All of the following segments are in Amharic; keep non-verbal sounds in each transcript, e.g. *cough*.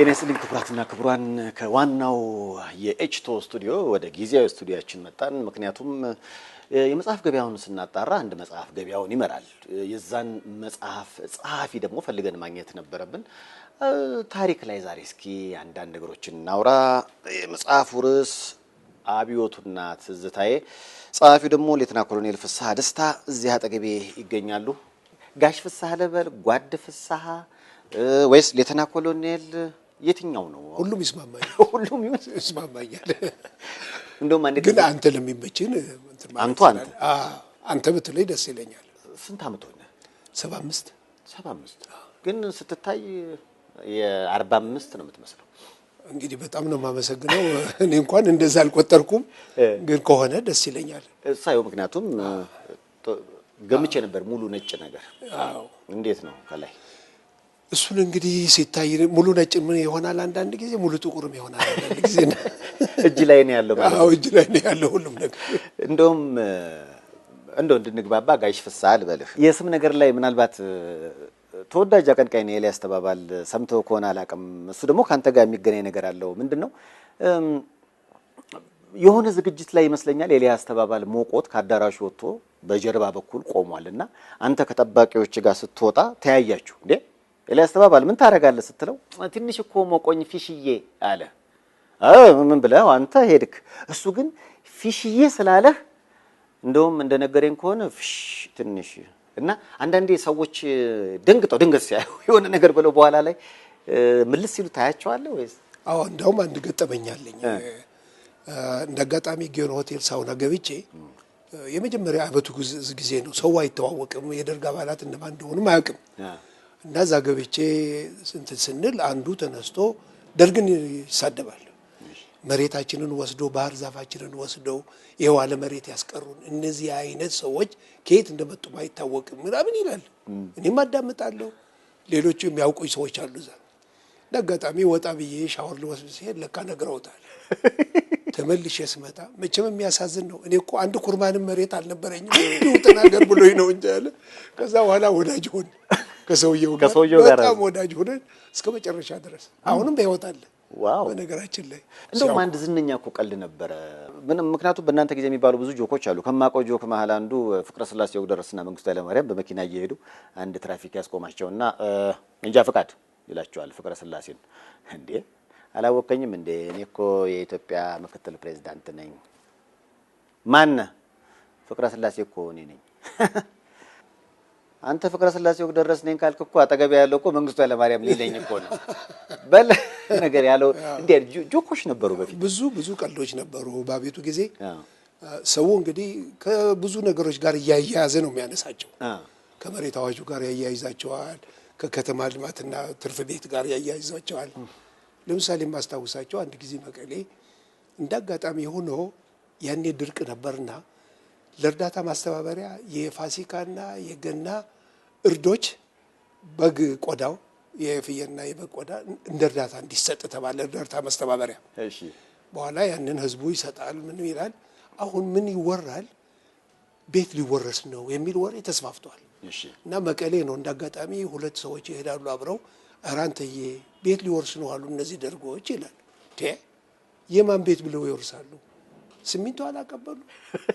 ጤና ይስጥልኝ ክቡራትና ክቡራን፣ ከዋናው የኤችቶ ስቱዲዮ ወደ ጊዜያዊ ስቱዲያችን መጣን። ምክንያቱም የመጽሐፍ ገበያውን ስናጣራ አንድ መጽሐፍ ገበያውን ይመራል። የዛን መጽሐፍ ጸሐፊ ደግሞ ፈልገን ማግኘት ነበረብን። ታሪክ ላይ ዛሬ እስኪ አንዳንድ ነገሮችን እናውራ። የመጽሐፉ ርዕስ አብዮቱና ትዝታዬ፣ ጸሐፊው ደግሞ ሌተና ኮሎኔል ፍስሐ ደስታ እዚህ አጠገቤ ይገኛሉ። ጋሽ ፍስሐ ልበል፣ ጓድ ፍስሐ ወይስ ሌተና ኮሎኔል የትኛው ነው? ሁሉም ይስማማኛል። *laughs* ሁሉም ይስማማኛል። እንደውም አንድ ግን አንተ ለሚመችን አንቱ አንተ አንተ ብትለኝ ደስ ይለኛል። ስንት አመት ሆነ? ሰባ አምስት ሰባ አምስት ግን ስትታይ የአርባ አምስት ነው የምትመስለው። እንግዲህ በጣም ነው የማመሰግነው። እኔ እንኳን እንደዛ አልቆጠርኩም፣ ግን ከሆነ ደስ ይለኛል። እሳየው ምክንያቱም ገምቼ ነበር ሙሉ ነጭ ነገር። እንዴት ነው ከላይ እሱን እንግዲህ ሲታይ ሙሉ ነጭ ምን ይሆናል፣ አንዳንድ ጊዜ ሙሉ ጥቁርም ይሆናል። አንዳንድ ጊዜ እጅ ላይ ነው ያለው ማለት ነው። እጅ ላይ ነው ያለው ሁሉም ነገር። እንደውም እንደው እንድንግባባ ጋሽ ፍስሐ ልበልህ። የስም ነገር ላይ ምናልባት ተወዳጅ አቀንቃይ ነው ኤልያስ ተባባል። ሰምተው ከሆነ አላውቅም። እሱ ደግሞ ከአንተ ጋር የሚገናኝ ነገር አለው። ምንድን ነው የሆነ ዝግጅት ላይ ይመስለኛል ኤልያስ ተባባል ሞቆት ከአዳራሹ ወጥቶ በጀርባ በኩል ቆሟል እና አንተ ከጠባቂዎች ጋር ስትወጣ ተያያችሁ እንዴ ኤልያስ ተባባል ምን ታደርጋለህ ስትለው ትንሽ እኮ ሞቆኝ ፊሽዬ አለ። ምን ብለህ አንተ ሄድክ? እሱ ግን ፊሽዬ ስላለህ እንደውም እንደነገረኝ ከሆነ ፊሽ ትንሽ እና አንዳንዴ ሰዎች ደንግጠው ድንገት ሲያዩ *laughs* የሆነ ነገር ብለው በኋላ ላይ ምልስ ሲሉ ታያቸዋለህ ወይስ? አዎ እንደውም አንድ ገጠመኝ አለኝ። እንደ አጋጣሚ ጊዮን ሆቴል ሳውና ገብቼ የመጀመሪያ አበቱ ጊዜ ነው። ሰው አይተዋወቅም። የደርግ አባላት እነማን እንደሆኑም አያውቅም። እና እዛ ገብቼ እንትን ስንል አንዱ ተነስቶ ደርግን ይሳደባል። መሬታችንን ወስዶ ባህር ዛፋችንን ወስደው የዋለ መሬት ያስቀሩን እነዚህ አይነት ሰዎች ከየት እንደመጡ አይታወቅም ምናምን ይላል። እኔም አዳምጣለሁ። ሌሎቹ የሚያውቁኝ ሰዎች አሉ እዛ እንደ አጋጣሚ ወጣ ብዬ ሻወር ልወስድ ሲሄድ ለካ ነግረውታል። ተመልሼ ስመጣ መቼም የሚያሳዝን ነው። እኔ እኮ አንድ ኩርማንም መሬት አልነበረኝም እንዲሁ ተናገር ብሎኝ ነው እንጂ አለ። ከዛ በኋላ ወዳጅ ሆን ከሰውየው ጋር በጣም ወዳጅ ሆነን እስከ መጨረሻ ድረስ አሁንም በሕይወት አለ። ዋው በነገራችን ላይ እንደውም አንድ ዝነኛ እኮ ቀልድ ነበረ። ምንም ምክንያቱም በእናንተ ጊዜ የሚባሉ ብዙ ጆኮች አሉ። ከማውቀው ጆክ መሀል አንዱ ፍቅረ ስላሴ ወግደረስና መንግስቱ ኃይለማርያም በመኪና እየሄዱ አንድ ትራፊክ ያስቆማቸውና እንጃ ፍቃድ ይላቸዋል ፍቅረ ስላሴን። እንዴ አላወቀኝም እንዴ እኔ እኮ የኢትዮጵያ ምክትል ፕሬዚዳንት ነኝ። ማን ፍቅረ ስላሴ እኮ እኔ ነኝ *laughs* አንተ ፍቅረ ስላሴ ወግ ደረስ ነኝ ካልክ እኮ አጠገብ ያለው እኮ መንግስቱ ኃይለማርያም ሊለኝ እኮ ነው በል ነገር ያለው እንዴ። ጆኮች ነበሩ በፊት ብዙ ብዙ ቀልዶች ነበሩ በአቤቱ ጊዜ። ሰው እንግዲህ ከብዙ ነገሮች ጋር እያያያዘ ነው የሚያነሳቸው። ከመሬት አዋጁ ጋር ያያይዛቸዋል፣ ከከተማ ልማትና ትርፍ ቤት ጋር ያያይዛቸዋል። ለምሳሌ የማስታውሳቸው አንድ ጊዜ መቀሌ እንደ አጋጣሚ ሆኖ ያኔ ድርቅ ነበርና ለእርዳታ ማስተባበሪያ የፋሲካና የገና እርዶች በግ ቆዳው የፍየልና የበግ ቆዳ እንደ እርዳታ እንዲሰጥ ተባለ። እርዳታ ማስተባበሪያ በኋላ ያንን ህዝቡ ይሰጣል። ምን ይላል? አሁን ምን ይወራል? ቤት ሊወረስ ነው የሚል ወሬ ተስፋፍቷል። እና መቀሌ ነው እንደ አጋጣሚ ሁለት ሰዎች ይሄዳሉ አብረው። ኧረ አንተዬ ቤት ሊወርስ ነው አሉ እነዚህ ደርጎዎች ይላል። የማን ቤት ብለው ይወርሳሉ? ሲሚንቶ አላቀበሉ፣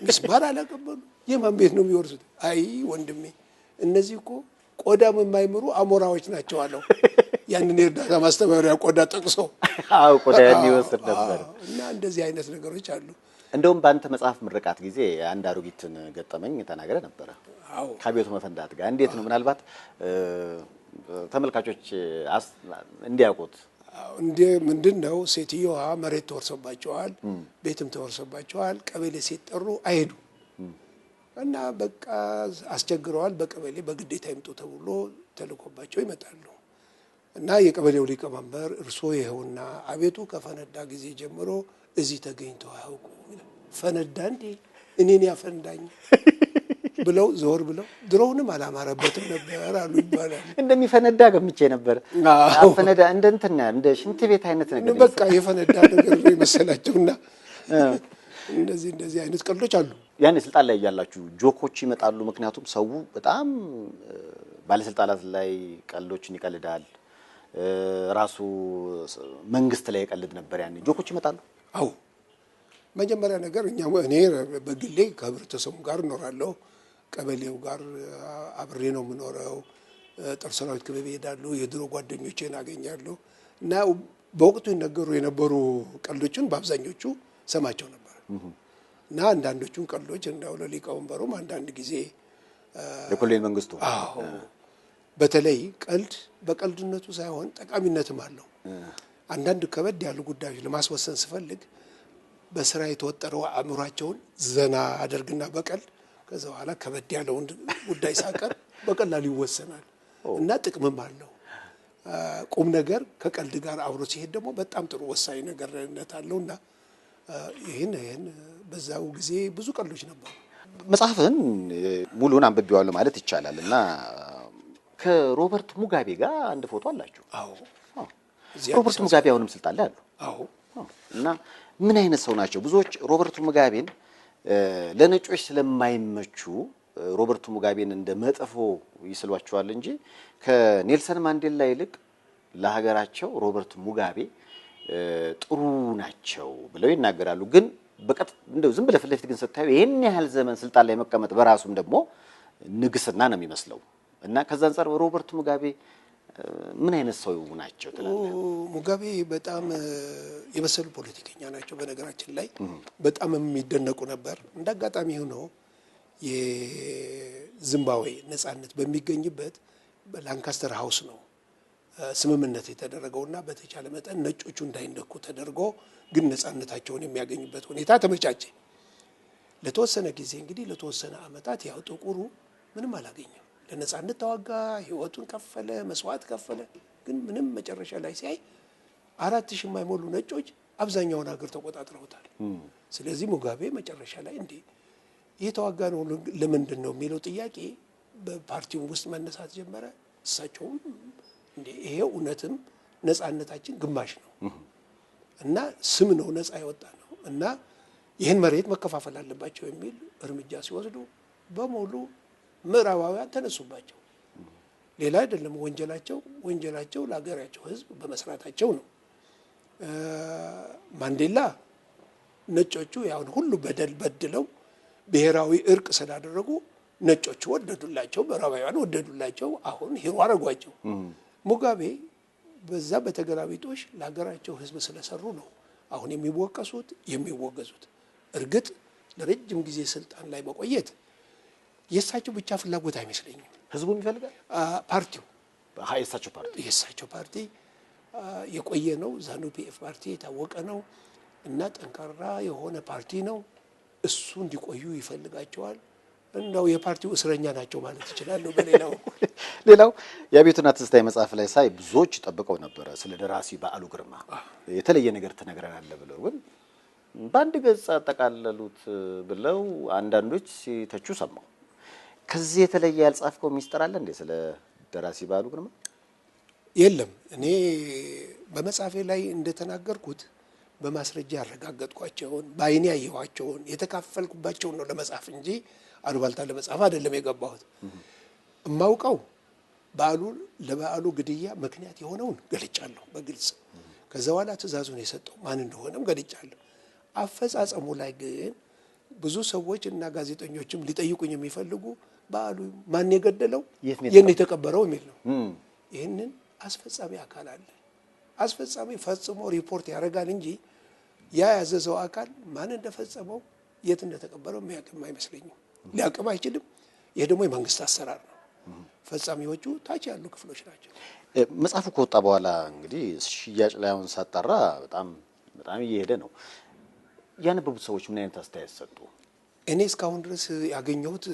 ሚስማር አላቀበሉ። የማን ቤት ነው የሚወርሱት? አይ ወንድሜ፣ እነዚህ እኮ ቆዳም የማይምሩ አሞራዎች ናቸው አለው። ያንን የእርዳታ ማስተባበሪያ ቆዳ ጠቅሶ ቆዳ ይወስድ ነበር። እና እንደዚህ አይነት ነገሮች አሉ። እንደውም በአንተ መጽሐፍ ምርቃት ጊዜ አንድ አሮጊትን ገጠመኝ ተናገረ ነበረ ከቤቱ መፈንዳት ጋር እንዴት ነው ምናልባት ተመልካቾች እንዲያውቁት እንደ ምንድን ነው ሴትዮዋ መሬት ተወርሶባቸዋል፣ ቤትም ተወርሶባቸዋል። ቀበሌ ሲጠሩ አይሄዱ እና በቃ አስቸግረዋል። በቀበሌ በግዴታ ይምጡ ተብሎ ተልኮባቸው ይመጣሉ። እና የቀበሌው ሊቀመንበር እርሶ ይኸውና አቤቱ ከፈነዳ ጊዜ ጀምሮ እዚህ ተገኝተው አያውቁ። ፈነዳ እንዴ? እኔን ያፈንዳኝ ብለው ዞር ብለው ድሮውንም አላማረበትም ነበር አሉ ይባላል። እንደሚፈነዳ ገምቼ ነበር። ፈነዳ እንደ እንደ ሽንት ቤት አይነት ነገር በቃ የፈነዳ ነገር የመሰላቸውና እንደዚህ እንደዚህ አይነት ቀልዶች አሉ። ያን ስልጣን ላይ እያላችሁ ጆኮች ይመጣሉ። ምክንያቱም ሰው በጣም ባለስልጣናት ላይ ቀልዶችን ይቀልዳል። ራሱ መንግስት ላይ ይቀልድ ነበር። ያኔ ጆኮች ይመጣሉ። አዎ መጀመሪያ ነገር እኛ እኔ በግሌ ከህብረተሰቡ ጋር እኖራለሁ። ቀበሌው ጋር አብሬ ነው የምኖረው። ጦር ሰራዊት ክበብ ይሄዳሉ፣ የድሮ ጓደኞቼን አገኛሉ እና በወቅቱ ይነገሩ የነበሩ ቀልዶችን በአብዛኞቹ ሰማቸው ነበር እና አንዳንዶቹን ቀልዶች እንዳው ለሊቀወንበሩም አንዳንድ ጊዜ ለኮሎኔል መንግስቱ አዎ በተለይ ቀልድ በቀልድነቱ ሳይሆን ጠቃሚነትም አለው። አንዳንድ ከበድ ያሉ ጉዳዮች ለማስወሰን ስፈልግ በስራ የተወጠረው አእምሯቸውን ዘና አደርግና በቀልድ ከዛ በኋላ ከበድ ያለውን ጉዳይ ሳቀር በቀላሉ ይወሰናል እና ጥቅምም አለው። ቁም ነገር ከቀልድ ጋር አብሮ ሲሄድ ደግሞ በጣም ጥሩ ወሳኝ ነገርነት አለው እና ይህን ይህን በዛው ጊዜ ብዙ ቀልዶች ነበሩ። መጽሐፍን ሙሉን አንብቤዋለሁ ማለት ይቻላል እና ከሮበርት ሙጋቤ ጋር አንድ ፎቶ አላችሁ። ሮበርት ሙጋቤ አሁንም ስልጣን ላይ አሉ እና ምን አይነት ሰው ናቸው? ብዙዎች ሮበርት ሙጋቤን ለነጮች ስለማይመቹ ሮበርቱ ሙጋቤን እንደ መጥፎ ይስሏቸዋል እንጂ ከኔልሰን ማንዴላ ይልቅ ለሀገራቸው ሮበርት ሙጋቤ ጥሩ ናቸው ብለው ይናገራሉ። ግን በቀጥ እንደው ዝም ብለህ ፊት ለፊት ግን ስታዩ ይህን ያህል ዘመን ስልጣን ላይ መቀመጥ በራሱም ደግሞ ንግስና ነው የሚመስለው እና ከዛ አንጻር ሮበርት ሙጋቤ ምን አይነት ሰው ናቸው ትላለህ? ሙጋቤ በጣም የበሰሉ ፖለቲከኛ ናቸው። በነገራችን ላይ በጣም የሚደነቁ ነበር። እንደ አጋጣሚ ሆኖ የዚምባብዌ ነጻነት በሚገኝበት በላንካስተር ሀውስ ነው ስምምነት የተደረገው እና በተቻለ መጠን ነጮቹ እንዳይነኩ ተደርጎ ግን ነጻነታቸውን የሚያገኙበት ሁኔታ ተመቻቸ። ለተወሰነ ጊዜ እንግዲህ ለተወሰነ ዓመታት ያው ጥቁሩ ምንም አላገኘም። ለነጻነት ተዋጋ፣ ህይወቱን ከፈለ፣ መስዋዕት ከፈለ። ግን ምንም መጨረሻ ላይ ሲያይ አራት ሺ የማይሞሉ ነጮች አብዛኛውን ሀገር ተቆጣጥረውታል። ስለዚህ ሙጋቤ መጨረሻ ላይ እንዴ የተዋጋ ነው ለምንድን ነው የሚለው ጥያቄ በፓርቲውም ውስጥ መነሳት ጀመረ። እሳቸውም እንዴ ይሄ እውነትም ነጻነታችን ግማሽ ነው እና ስም ነው ነጻ የወጣ ነው እና ይህን መሬት መከፋፈል አለባቸው የሚል እርምጃ ሲወስዱ በሙሉ ምዕራባውያን ተነሱባቸው። ሌላ አይደለም ወንጀላቸው ወንጀላቸው ለሀገራቸው ህዝብ በመስራታቸው ነው። ማንዴላ ነጮቹ ያሁን ሁሉ በደል በድለው ብሔራዊ እርቅ ስላደረጉ ነጮቹ ወደዱላቸው፣ ምዕራባውያን ወደዱላቸው። አሁን ሂሮ አረጓቸው። ሙጋቤ በዛ በተገላቢጦሽ ለሀገራቸው ህዝብ ስለሰሩ ነው አሁን የሚወቀሱት የሚወገዙት። እርግጥ ለረጅም ጊዜ ስልጣን ላይ መቆየት የእሳቸው ብቻ ፍላጎት አይመስለኝም። ሕዝቡም ይፈልጋል። ፓርቲው የእሳቸው ፓርቲ የቆየ ነው። ዛኑ ፒኤፍ ፓርቲ የታወቀ ነው እና ጠንካራ የሆነ ፓርቲ ነው። እሱ እንዲቆዩ ይፈልጋቸዋል። እንደው የፓርቲው እስረኛ ናቸው ማለት ይችላሉ። በሌላው *laughs* ሌላው የአብዮትና ትዝታ መጽሐፍ ላይ ሳይ ብዙዎች ጠብቀው ነበረ ስለ ደራሲ በዓሉ ግርማ የተለየ ነገር ትነግረናለህ ብለው ግን በአንድ ገጽ አጠቃለሉት ብለው አንዳንዶች ሲተቹ ሰማሁ። ከዚህ የተለየ ያልጻፍከው ሚስጥር አለ እንዴ ስለ ደራሲ በዓሉ ግርማ? የለም። እኔ በመጽሐፌ ላይ እንደተናገርኩት በማስረጃ ያረጋገጥኳቸውን በአይኔ ያየኋቸውን የተካፈልኩባቸውን ነው ለመጻፍ እንጂ አሉባልታ ለመጻፍ አይደለም የገባሁት። እማውቀው በዓሉ ለበዓሉ ግድያ ምክንያት የሆነውን ገልጫለሁ በግልጽ። ከዛ በኋላ ትእዛዙን የሰጠው ማን እንደሆነም ገልጫለሁ። አፈጻጸሙ ላይ ግን ብዙ ሰዎች እና ጋዜጠኞችም ሊጠይቁኝ የሚፈልጉ በዓሉ ማን የገደለው የት የተቀበረው የሚል ነው። ይህንን አስፈጻሚ አካል አለ። አስፈጻሚ ፈጽሞ ሪፖርት ያደርጋል እንጂ ያ ያዘዘው አካል ማን እንደፈጸመው የት እንደተቀበለው የሚያቅም አይመስለኝም። ሊያቅም አይችልም። ይህ ደግሞ የመንግስት አሰራር ነው። ፈጻሚዎቹ ታች ያሉ ክፍሎች ናቸው። መጽሐፉ ከወጣ በኋላ እንግዲህ ሽያጭ ላይ አሁን ሳጣራ በጣም በጣም እየሄደ ነው። ያነበቡት ሰዎች ምን አይነት አስተያየት ሰጡ? እኔ እስካሁን ድረስ ያገኘሁት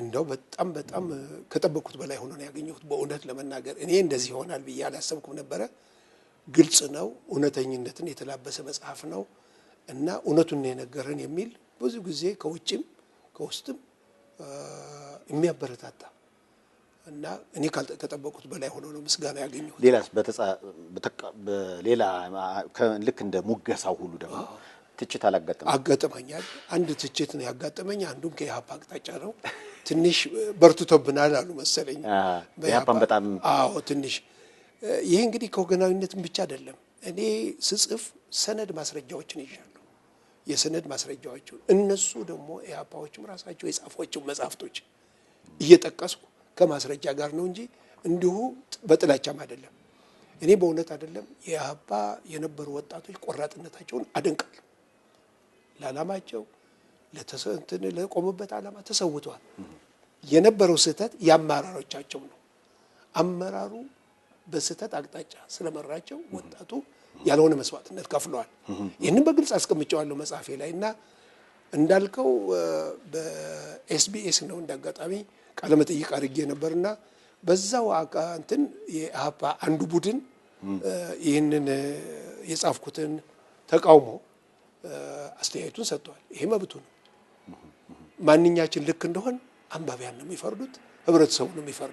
እንደው በጣም በጣም ከጠበቅኩት በላይ ሆኖ ነው ያገኘሁት። በእውነት ለመናገር እኔ እንደዚህ ይሆናል ብዬ አላሰብኩም ነበረ። ግልጽ ነው፣ እውነተኝነትን የተላበሰ መጽሐፍ ነው እና እውነቱን የነገረን የሚል ብዙ ጊዜ ከውጭም ከውስጥም የሚያበረታታ እና እኔ ከጠበቅኩት በላይ ሆኖ ነው ምስጋና ያገኘሁት። ሌላስ ሌላ ልክ እንደ ሙገሳው ሁሉ ደግሞ ትችት አላጋጠመ አጋጠመኛል። አንድ ትችት ነው ያጋጠመኝ። አንዱም ከኢህአፓ አቅጣጫ ነው። ትንሽ በርቱቶብናል አሉ መሰለኝ። በያፓን በጣም አዎ፣ ትንሽ ይሄ እንግዲህ ከወገናዊነትም ብቻ አይደለም። እኔ ስጽፍ ሰነድ ማስረጃዎችን ይዣለሁ፣ የሰነድ ማስረጃዎች እነሱ ደግሞ ኢህአፓዎችም ራሳቸው የጻፏቸው መጽሐፍቶች እየጠቀስኩ ከማስረጃ ጋር ነው እንጂ እንዲሁ በጥላቻም አይደለም። እኔ በእውነት አይደለም የኢህአፓ የነበሩ ወጣቶች ቆራጥነታቸውን አደንቃለሁ ለዓላማቸው ለቆሙበት ዓላማ ተሰውተዋል። የነበረው ስህተት የአመራሮቻቸው ነው። አመራሩ በስህተት አቅጣጫ ስለመራቸው ወጣቱ ያልሆነ መስዋዕትነት ከፍለዋል። ይህንን በግልጽ አስቀምጨዋለሁ መጽሐፌ ላይ እና እንዳልከው በኤስቢኤስ ነው እንዳጋጣሚ ቃለ መጠይቅ አድርጌ እና በዛው እንትን የአፓ አንዱ ቡድን ይህንን የጻፍኩትን ተቃውሞ አስተያየቱን ሰጥቷል። ይሄ መብቱ ነው። ማንኛችን ልክ እንደሆን አንባቢያን ነው የሚፈርዱት፣ ህብረተሰቡ ነው የሚፈርዱት።